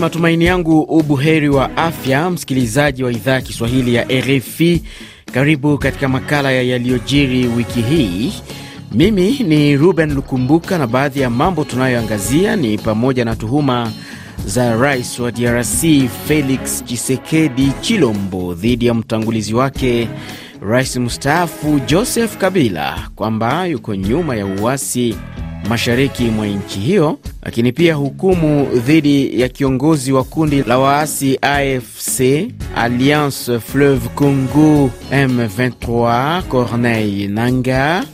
matumaini yangu ubuheri wa afya, msikilizaji wa idhaa ya Kiswahili ya RFI. Karibu katika makala ya yaliyojiri wiki hii. Mimi ni Ruben Lukumbuka, na baadhi ya mambo tunayoangazia ni pamoja na tuhuma za rais wa DRC Felix Tshisekedi Chilombo dhidi ya mtangulizi wake rais mstaafu Joseph Kabila kwamba yuko nyuma ya uasi mashariki mwa nchi hiyo lakini pia hukumu dhidi ya kiongozi wa kundi la waasi AFC Alliance Fleuve Congo M23 Corneille nanga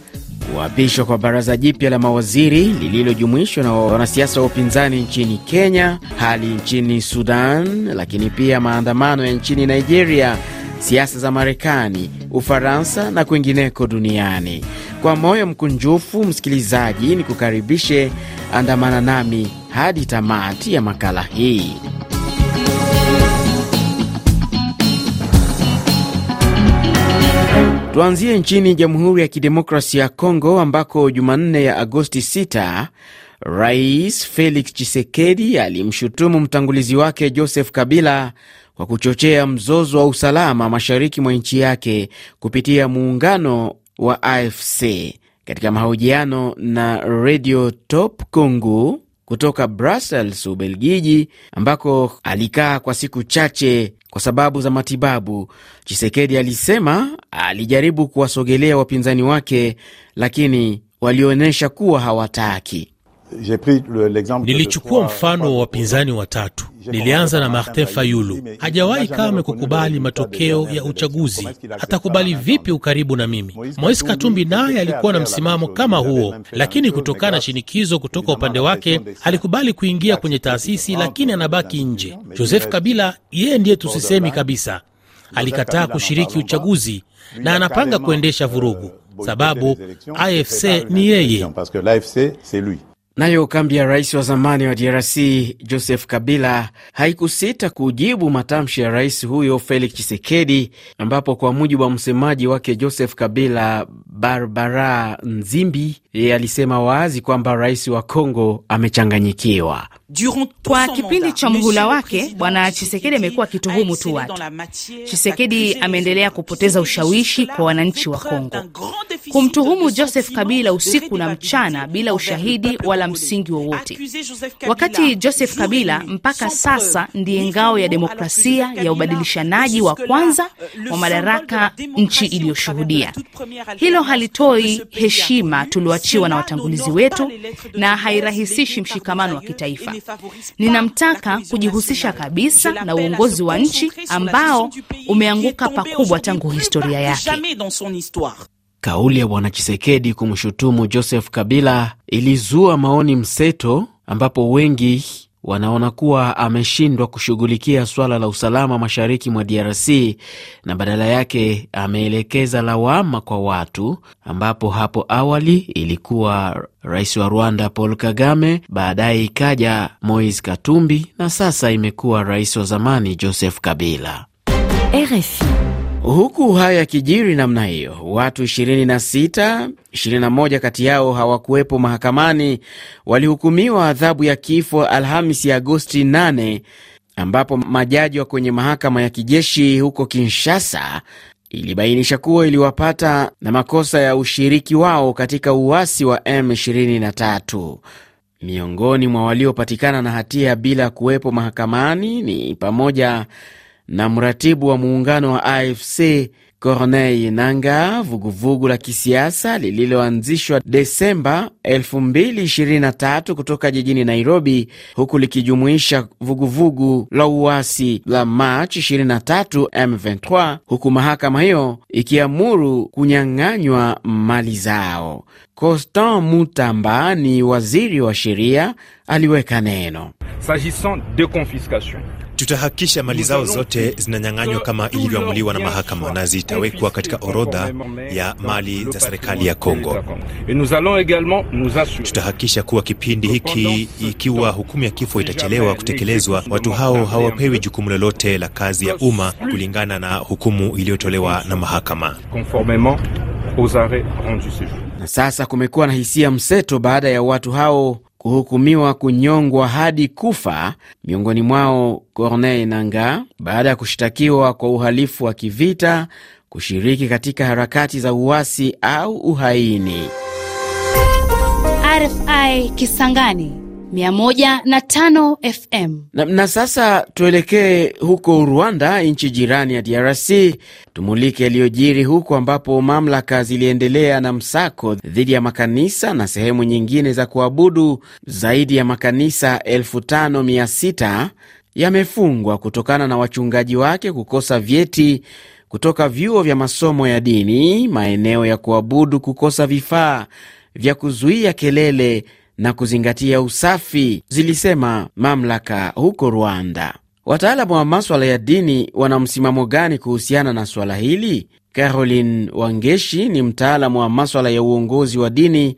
kuapishwa kwa baraza jipya la mawaziri lililojumuishwa na wanasiasa wa upinzani nchini Kenya, hali nchini Sudan, lakini pia maandamano ya nchini Nigeria siasa za Marekani, Ufaransa na kwingineko duniani. Kwa moyo mkunjufu, msikilizaji, ni kukaribishe andamana nami hadi tamati ya makala hii. Tuanzie nchini Jamhuri ya Kidemokrasia ya Kongo ambako Jumanne ya Agosti 6 Rais Felix Tshisekedi alimshutumu mtangulizi wake Joseph Kabila kwa kuchochea mzozo wa usalama mashariki mwa nchi yake kupitia muungano wa AFC. Katika mahojiano na Radio Top Congo kutoka Brussels, Ubelgiji, ambako alikaa kwa siku chache kwa sababu za matibabu, Chisekedi alisema alijaribu kuwasogelea wapinzani wake, lakini walionyesha kuwa hawataki. Nilichukua mfano wa wapinzani watatu Nilianza na Martin Fayulu, hajawahi kamwe kukubali matokeo ya uchaguzi. Hatakubali vipi ukaribu na mimi? Moise Katumbi naye alikuwa na msimamo kama huo, lakini kutokana na shinikizo kutoka upande wake alikubali kuingia kwenye taasisi, lakini anabaki nje. Joseph Kabila yeye ndiye tusisemi kabisa, alikataa kushiriki uchaguzi na anapanga kuendesha euh, vurugu, sababu AFC ni yeye. Nayo kambi ya rais wa zamani wa DRC Joseph Kabila haikusita kujibu matamshi ya rais huyo Felix Tshisekedi, ambapo kwa mujibu wa msemaji wake Joseph Kabila, Barbara Nzimbi, yeye alisema wazi kwamba rais wa Kongo amechanganyikiwa. Kwa kipindi cha mhula wake Bwana Chisekedi amekuwa akituhumu tu watu. Chisekedi ameendelea kupoteza ushawishi kwa wananchi wa Kongo. Kumtuhumu Joseph Kabila usiku na mchana bila ushahidi wala msingi wowote, wa wakati Joseph Kabila mpaka sasa ndiye ngao ya demokrasia ya ubadilishanaji wa kwanza euh, wa madaraka nchi iliyoshuhudia. Hilo halitoi heshima tulioachiwa na watangulizi wetu na hairahisishi mshikamano wa kitaifa. Ninamtaka kujihusisha kabisa na uongozi wa nchi ambao umeanguka pakubwa tangu historia yake. Kauli ya Bwana Chisekedi kumshutumu Joseph Kabila ilizua maoni mseto ambapo wengi wanaona kuwa ameshindwa kushughulikia swala la usalama mashariki mwa DRC na badala yake ameelekeza lawama kwa watu, ambapo hapo awali ilikuwa rais wa Rwanda Paul Kagame, baadaye ikaja Moise Katumbi na sasa imekuwa rais wa zamani Joseph Kabila. RFI. Huku haya yakijiri namna hiyo, watu 26, 21 kati yao hawakuwepo mahakamani, walihukumiwa adhabu ya kifo alhamis ya Agosti 8 ambapo majaji wa kwenye mahakama ya kijeshi huko Kinshasa ilibainisha kuwa iliwapata na makosa ya ushiriki wao katika uasi wa M23. Miongoni mwa waliopatikana na hatia bila kuwepo mahakamani ni pamoja na mratibu wa muungano wa AFC Corneille nanga vuguvugu la kisiasa lililoanzishwa Desemba 2023 kutoka jijini Nairobi, huku likijumuisha vuguvugu la uasi la March 23 M23, huku mahakama hiyo ikiamuru kunyang'anywa mali zao. Constant Mutamba ni waziri wa sheria, aliweka neno Tutahakikisha mali zao zote zinanyang'anywa kama ilivyoamuliwa na mahakama na zitawekwa katika orodha ya mali za serikali ya Kongo. Tutahakikisha kuwa kipindi hiki, ikiwa hukumu ya kifo itachelewa kutekelezwa, watu hao hawapewi jukumu lolote la kazi ya umma kulingana na hukumu iliyotolewa na mahakama. Na sasa kumekuwa na hisia mseto baada ya watu hao kuhukumiwa kunyongwa hadi kufa, miongoni mwao Corneille Nangaa, baada ya kushtakiwa kwa uhalifu wa kivita, kushiriki katika harakati za uasi au uhaini. RFI Kisangani 105 FM. Na, na sasa tuelekee huko Rwanda, nchi jirani ya DRC, tumulike yaliyojiri huko, ambapo mamlaka ziliendelea na msako dhidi ya makanisa na sehemu nyingine za kuabudu. Zaidi ya makanisa 5600 yamefungwa kutokana na wachungaji wake kukosa vyeti kutoka vyuo vya masomo ya dini, maeneo ya kuabudu kukosa vifaa vya kuzuia kelele na kuzingatia usafi, zilisema mamlaka huko Rwanda. Wataalamu wa maswala ya dini wana msimamo gani kuhusiana na swala hili? Caroline Wangeshi ni mtaalamu wa maswala ya uongozi wa dini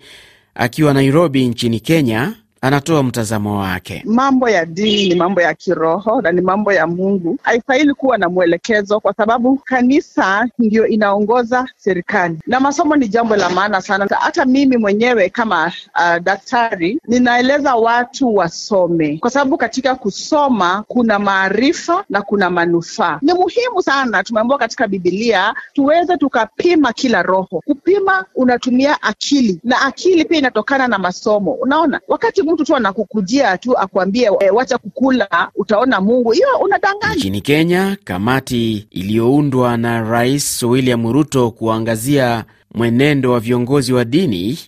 akiwa Nairobi nchini Kenya anatoa mtazamo wake. Mambo ya dini ni mambo ya kiroho na ni mambo ya Mungu, haifahili kuwa na mwelekezo, kwa sababu kanisa ndio inaongoza serikali, na masomo ni jambo la maana sana. Hata mimi mwenyewe kama uh, daktari ninaeleza watu wasome, kwa sababu katika kusoma kuna maarifa na kuna manufaa. Ni muhimu sana, tumeambiwa katika Bibilia tuweze tukapima kila roho. Kupima unatumia akili, na akili pia inatokana na masomo. Unaona wakati mtu tu anakukujia tu akwambie e, wacha kukula utaona Mungu, hiyo unadanganya. Nchini Kenya, kamati iliyoundwa na Rais William Ruto kuangazia mwenendo wa viongozi wa dini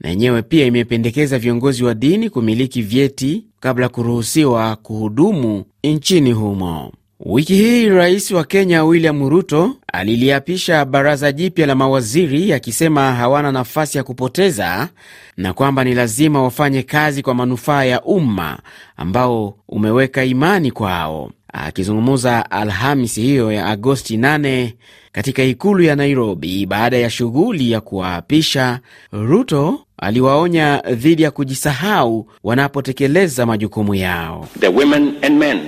na yenyewe pia imependekeza viongozi wa dini kumiliki vyeti kabla kuruhusiwa kuhudumu nchini humo. Wiki hii rais wa Kenya William Ruto aliliapisha baraza jipya la mawaziri akisema hawana nafasi ya kupoteza na kwamba ni lazima wafanye kazi kwa manufaa ya umma ambao umeweka imani kwao. Akizungumza Alhamisi hiyo ya Agosti 8 katika ikulu ya Nairobi baada ya shughuli ya kuwaapisha, Ruto aliwaonya dhidi ya kujisahau wanapotekeleza majukumu yao The women and men.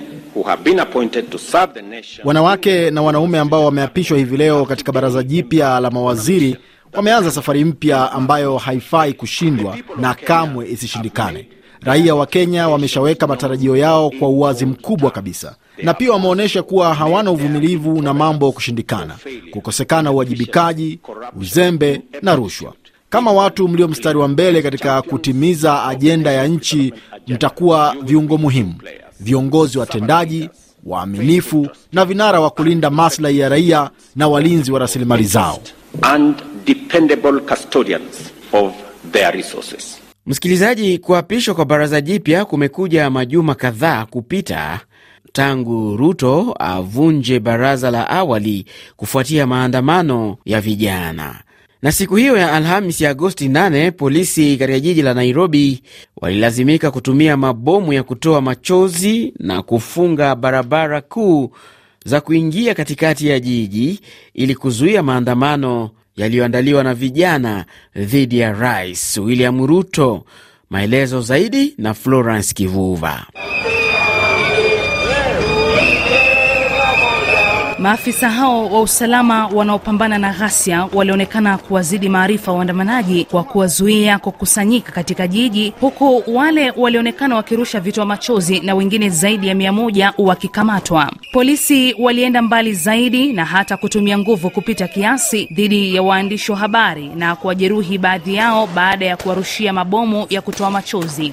Wanawake na wanaume ambao wameapishwa hivi leo katika baraza jipya la mawaziri wameanza safari mpya ambayo haifai kushindwa na kamwe isishindikane. Raia wa Kenya wameshaweka matarajio yao kwa uwazi mkubwa kabisa, na pia wameonyesha kuwa hawana uvumilivu na mambo kushindikana, kukosekana uwajibikaji, uzembe na rushwa. Kama watu mlio mstari wa mbele katika kutimiza ajenda ya nchi, mtakuwa viungo muhimu viongozi watendaji waaminifu na vinara wa kulinda maslahi ya raia na walinzi wa rasilimali zao. Msikilizaji, kuapishwa kwa baraza jipya kumekuja majuma kadhaa kupita tangu Ruto avunje baraza la awali kufuatia maandamano ya vijana. Na siku hiyo ya Alhamis ya Agosti 8 polisi katika jiji la Nairobi walilazimika kutumia mabomu ya kutoa machozi na kufunga barabara kuu za kuingia katikati ya jiji ili kuzuia maandamano yaliyoandaliwa na vijana dhidi ya Rais William Ruto. Maelezo zaidi na Florence Kivuva. Maafisa hao wa usalama wanaopambana na ghasia walionekana kuwazidi maarifa waandamanaji kwa kuwazuia kukusanyika katika jiji, huku wale walionekana wakirusha vitoa machozi na wengine zaidi ya mia moja wakikamatwa. Polisi walienda mbali zaidi na hata kutumia nguvu kupita kiasi dhidi ya waandishi wa habari na kuwajeruhi baadhi yao baada ya kuwarushia mabomu ya kutoa machozi.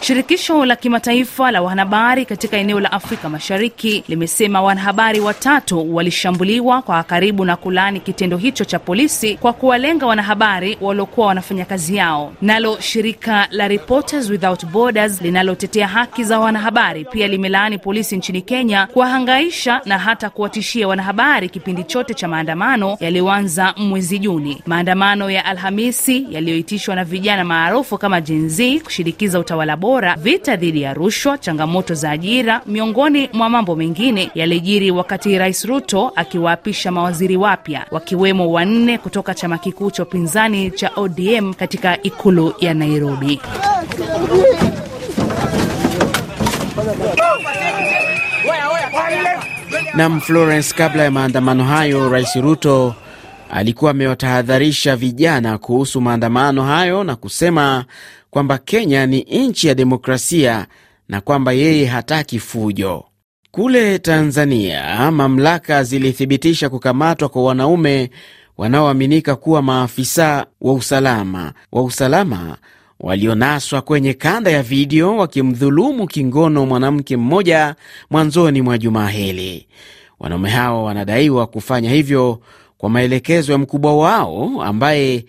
Shirikisho la kimataifa la wanahabari katika eneo la Afrika Mashariki limesema wanahabari watatu walishambuliwa kwa karibu na kulaani kitendo hicho cha polisi kwa kuwalenga wanahabari waliokuwa wanafanya kazi yao. Nalo shirika la Reporters Without Borders linalotetea haki za wanahabari pia limelaani polisi nchini Kenya kuwahangaisha na hata kuwatishia wanahabari kipindi chote cha maandamano yaliyoanza mwezi Juni. Maandamano ya Alhamisi yaliyoitishwa na vijana maarufu kama Gen kushinikiza utawala bora, vita dhidi ya rushwa, changamoto za ajira, miongoni mwa mambo mengine yalijiri wakati Rais Ruto akiwaapisha mawaziri wapya wakiwemo wanne kutoka chama kikuu cha upinzani cha ODM katika ikulu ya Nairobi. Nam Florence, kabla ya maandamano hayo, Rais Ruto alikuwa amewatahadharisha vijana kuhusu maandamano hayo na kusema kwamba Kenya ni nchi ya demokrasia na kwamba yeye hataki fujo. Kule Tanzania, mamlaka zilithibitisha kukamatwa kwa wanaume wanaoaminika kuwa maafisa wa usalama wa usalama walionaswa kwenye kanda ya video wakimdhulumu kingono mwanamke mmoja mwanzoni mwa juma hili. Wanaume hao wanadaiwa kufanya hivyo kwa maelekezo ya mkubwa wao ambaye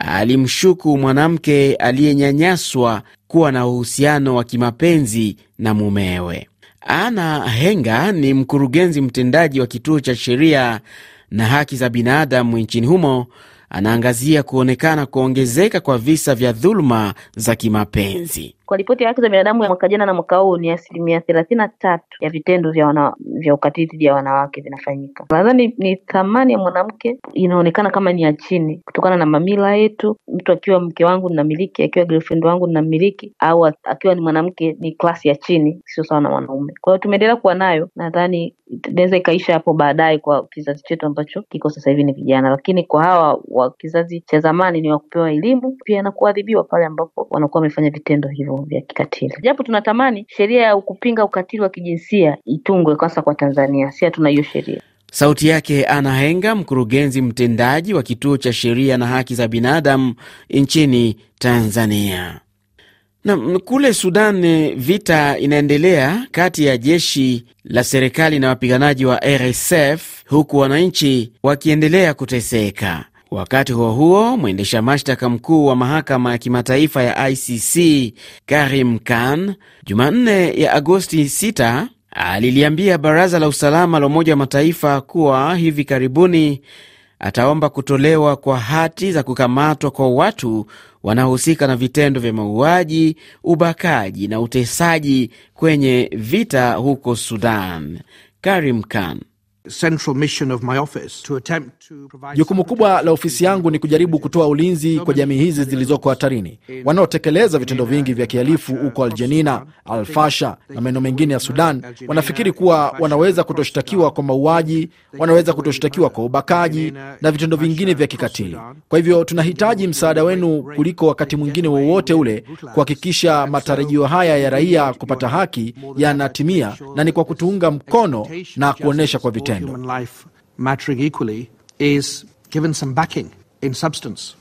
alimshuku mwanamke aliyenyanyaswa kuwa na uhusiano wa kimapenzi na mumewe. Ana Henga ni mkurugenzi mtendaji wa kituo cha sheria na haki za binadamu nchini humo anaangazia kuonekana kuongezeka kwa visa vya dhuluma za kimapenzi. Kwa ripoti ya haki za binadamu ya mwaka jana na mwaka huu ni asilimia thelathini na tatu ya vitendo vya wana, vya ukatili dhidi ya wanawake vinafanyika. Nadhani ni thamani ya mwanamke inaonekana kama ni ya chini kutokana na mamila yetu. Mtu akiwa mke wangu ninamiliki, akiwa girlfriend wangu ninamiliki, au akiwa ni mwanamke ni klasi ya chini, sio sawa na mwanaume Kwa hiyo tumeendelea kuwa nayo, nadhani inaweza ikaisha hapo baadaye kwa kizazi chetu ambacho kiko sasa hivi ni vijana, lakini kwa hawa wa kizazi cha zamani ni wa kupewa elimu pia na kuadhibiwa pale ambapo wanakuwa wamefanya vitendo hivyo vya kikatili. Japo tunatamani sheria ya kupinga ukatili wa kijinsia itungwe hasa kwa Tanzania, si hatuna hiyo sheria. Sauti yake Ana Henga, mkurugenzi mtendaji wa kituo cha sheria na haki za binadamu nchini Tanzania. Na kule Sudan vita inaendelea kati ya jeshi la serikali na wapiganaji wa RSF huku wananchi wakiendelea kuteseka. Wakati huo huo, mwendesha mashtaka mkuu wa mahakama ya kimataifa ya ICC Karim Khan Jumanne ya Agosti 6 aliliambia baraza la usalama la Umoja wa Mataifa kuwa hivi karibuni ataomba kutolewa kwa hati za kukamatwa kwa watu wanaohusika na vitendo vya mauaji, ubakaji na utesaji kwenye vita huko Sudan. Karim Khan Jukumu kubwa la ofisi yangu ni kujaribu kutoa ulinzi kwa jamii hizi zilizoko hatarini, wanaotekeleza vitendo vingi vya kihalifu uh, huko Aljenina, Alfasha uh, na maeneo mengine ya uh, Sudan. Wanafikiri kuwa wanaweza kutoshtakiwa kwa mauaji, wanaweza kutoshtakiwa kwa ubakaji na vitendo vingine vya kikatili. Kwa hivyo tunahitaji msaada wenu kuliko wakati mwingine wowote ule kuhakikisha matarajio haya ya raia kupata haki yanatimia, na ni kwa kutuunga mkono na kuonyesha kwa vitendo. Vitendo. Human life mattering equally is given some backing in substance.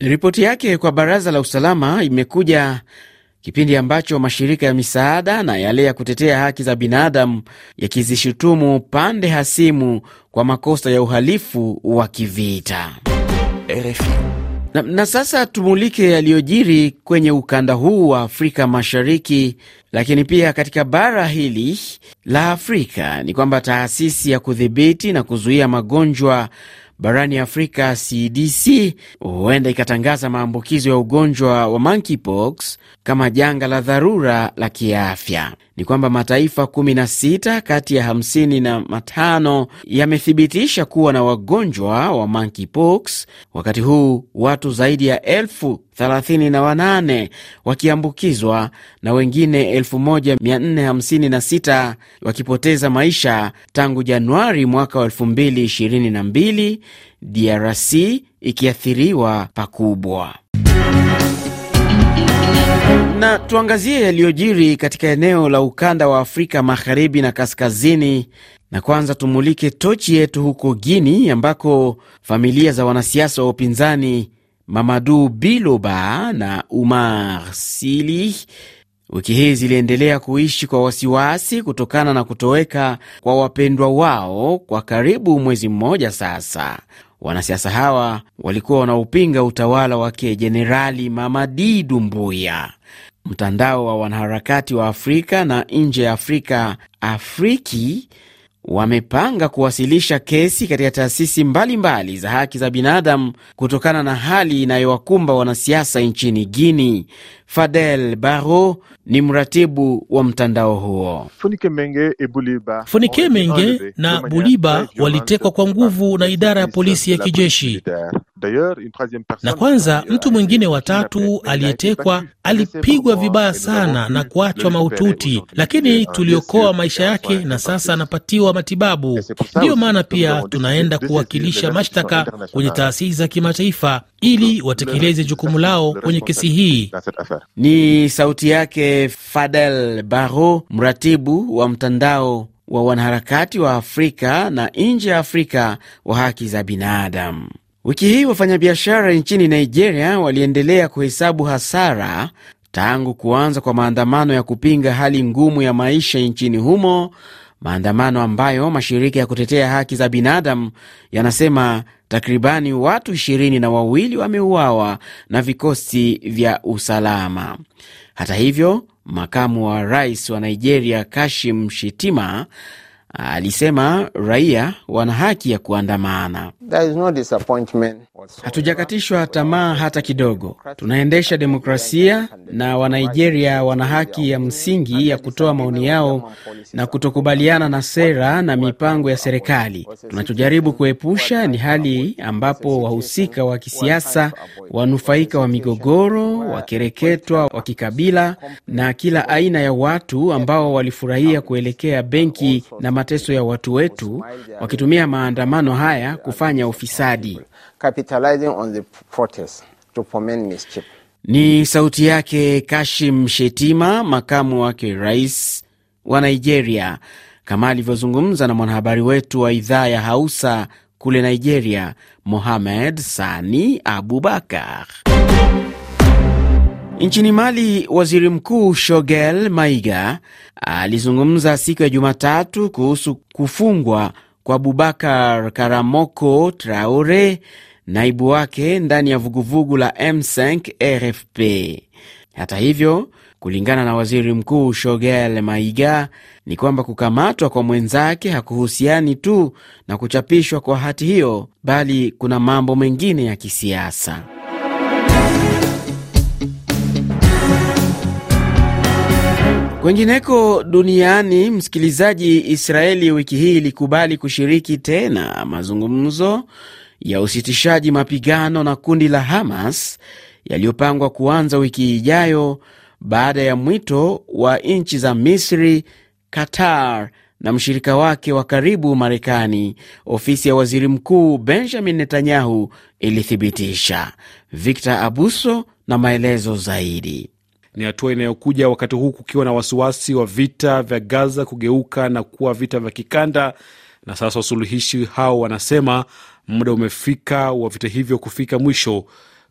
Ripoti yake kwa Baraza la Usalama imekuja kipindi ambacho mashirika ya misaada na yale ya kutetea haki za binadamu yakizishutumu pande hasimu kwa makosa ya uhalifu wa kivita. RFI. Na, na sasa tumulike yaliyojiri kwenye ukanda huu wa Afrika Mashariki, lakini pia katika bara hili la Afrika ni kwamba taasisi ya kudhibiti na kuzuia magonjwa barani Afrika CDC huenda ikatangaza maambukizo ya ugonjwa wa monkeypox kama janga la dharura la kiafya ni kwamba mataifa 16 kati ya 55 yamethibitisha kuwa na wagonjwa wa monkeypox, wakati huu watu zaidi ya 38 wakiambukizwa na wengine 1456 wakipoteza maisha tangu Januari mwaka wa 2022, DRC ikiathiriwa pakubwa. Na tuangazie yaliyojiri katika eneo la ukanda wa Afrika magharibi na kaskazini, na kwanza tumulike tochi yetu huko Guini ambako familia za wanasiasa wa upinzani Mamadu Biloba na Umar Sili wiki hii ziliendelea kuishi kwa wasiwasi kutokana na kutoweka kwa wapendwa wao kwa karibu mwezi mmoja sasa. Wanasiasa hawa walikuwa wanaupinga utawala wake Jenerali Mamadi Dumbuya. Mtandao wa wanaharakati wa Afrika na nje ya Afrika, Afriki, wamepanga kuwasilisha kesi katika taasisi mbalimbali za haki za binadamu kutokana na hali inayowakumba wanasiasa nchini Guinea. Fadel Baro ni mratibu wa mtandao huo. Fonike Menge e na Buliba walitekwa kwa nguvu na idara ya polisi ya kijeshi, na kwanza mtu mwingine watatu aliyetekwa alipigwa vibaya sana na kuachwa maututi, lakini tuliokoa maisha yake na sasa anapatiwa matibabu. Ndiyo maana pia tunaenda kuwakilisha mashtaka kwenye taasisi za kimataifa ili watekeleze jukumu lao kwenye kesi hii. Ni sauti yake Fadel baro mratibu wa mtandao wa wanaharakati wa Afrika na nje ya Afrika wa haki za binadamu. Wiki hii wafanyabiashara nchini Nigeria waliendelea kuhesabu hasara tangu kuanza kwa maandamano ya kupinga hali ngumu ya maisha nchini humo, maandamano ambayo mashirika ya kutetea haki za binadamu yanasema Takribani watu ishirini na wawili wameuawa na vikosi vya usalama. Hata hivyo, makamu wa rais wa Nigeria Kashim Shettima Alisema raia wana haki ya kuandamana. No, hatujakatishwa tamaa hata kidogo. Tunaendesha demokrasia na Wanigeria wana haki ya msingi ya kutoa maoni yao na kutokubaliana na sera na mipango ya serikali. Tunachojaribu kuepusha ni hali ambapo wahusika wa kisiasa, wanufaika wa migogoro, wakereketwa wa kikabila na kila aina ya watu ambao walifurahia kuelekea benki na mateso ya watu wetu, wakitumia maandamano haya kufanya ufisadi. Ni sauti yake Kashim Shetima, makamu wake rais wa Nigeria, kama alivyozungumza na mwanahabari wetu wa idhaa ya Hausa kule Nigeria, Mohamed Sani Abubakar. Nchini Mali, waziri mkuu Shogel Maiga alizungumza siku ya Jumatatu kuhusu kufungwa kwa Bubakar Karamoko Traore, naibu wake ndani ya vuguvugu la M5 RFP. Hata hivyo, kulingana na waziri mkuu Shogel Maiga ni kwamba kukamatwa kwa mwenzake hakuhusiani tu na kuchapishwa kwa hati hiyo, bali kuna mambo mengine ya kisiasa. Kwengineko duniani, msikilizaji, Israeli wiki hii ilikubali kushiriki tena mazungumzo ya usitishaji mapigano na kundi la Hamas yaliyopangwa kuanza wiki ijayo baada ya mwito wa nchi za Misri, Qatar na mshirika wake wa karibu Marekani, ofisi ya waziri mkuu Benjamin Netanyahu ilithibitisha. Victor Abuso na maelezo zaidi. Ni hatua inayokuja wakati huu kukiwa na wasiwasi wa vita vya Gaza kugeuka na kuwa vita vya kikanda, na sasa wasuluhishi hao wanasema muda umefika wa vita hivyo kufika mwisho.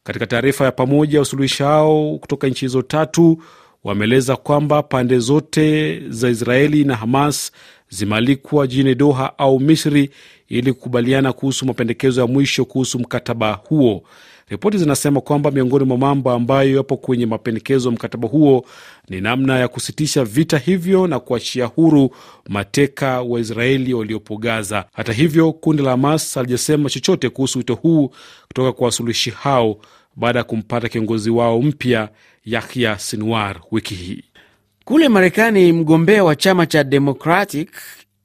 Katika taarifa ya pamoja, wasuluhishi hao kutoka nchi hizo tatu wameeleza kwamba pande zote za Israeli na Hamas zimealikwa jijini Doha au Misri ili kukubaliana kuhusu mapendekezo ya mwisho kuhusu mkataba huo. Ripoti zinasema kwamba miongoni mwa mambo ambayo yapo kwenye mapendekezo ya mkataba huo ni namna ya kusitisha vita hivyo na kuachia huru mateka Israeli waliopo Gaza. Hata hivyo, kundi la Hamas halijasema chochote kuhusu wito huu kutoka kwa wasuluhishi hao baada ya kumpata kiongozi wao mpya Yahya Sinwar wiki hii. Kule Marekani, mgombea wa chama cha Democratic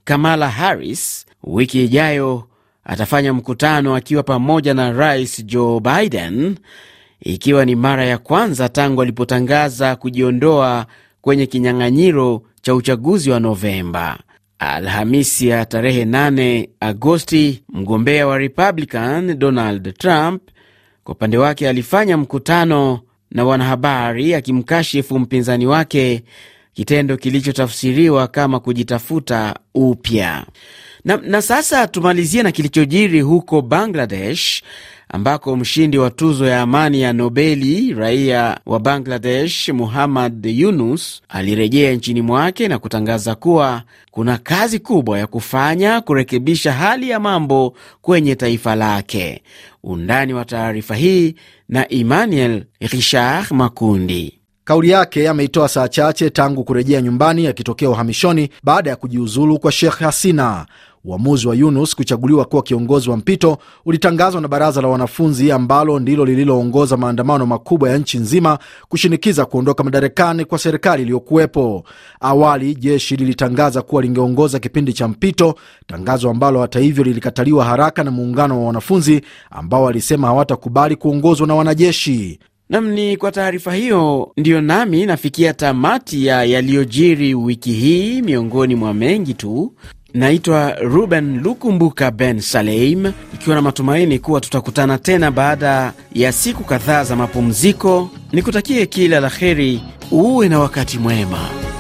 Kamala Harris wiki ijayo atafanya mkutano akiwa pamoja na Rais Joe Biden, ikiwa ni mara ya kwanza tangu alipotangaza kujiondoa kwenye kinyang'anyiro cha uchaguzi wa Novemba. Alhamisi ya tarehe 8 Agosti, mgombea wa Republican Donald Trump kwa upande wake alifanya mkutano na wanahabari akimkashifu mpinzani wake, kitendo kilichotafsiriwa kama kujitafuta upya. Na, na sasa tumalizie na kilichojiri huko Bangladesh ambako mshindi wa tuzo ya amani ya Nobeli raia wa Bangladesh Muhammad Yunus alirejea nchini mwake na kutangaza kuwa kuna kazi kubwa ya kufanya kurekebisha hali ya mambo kwenye taifa lake. Undani wa taarifa hii na Emmanuel Richard Makundi. Kauli yake ameitoa saa chache tangu kurejea nyumbani akitokea uhamishoni baada ya kujiuzulu kwa Sheikh Hasina. Uamuzi wa Yunus kuchaguliwa kuwa kiongozi wa mpito ulitangazwa na baraza la wanafunzi ambalo ndilo lililoongoza maandamano makubwa ya nchi nzima kushinikiza kuondoka madarakani kwa serikali iliyokuwepo. Awali jeshi lilitangaza kuwa lingeongoza kipindi cha mpito, tangazo ambalo hata hivyo lilikataliwa haraka na muungano wa wanafunzi ambao walisema hawatakubali kuongozwa na wanajeshi. Nam ni kwa taarifa hiyo ndiyo nami nafikia tamati ya yaliyojiri wiki hii, miongoni mwa mengi tu. Naitwa Ruben Lukumbuka Ben Saleim, ikiwa na matumaini kuwa tutakutana tena baada ya siku kadhaa za mapumziko. Nikutakie kila la heri, uwe na wakati mwema.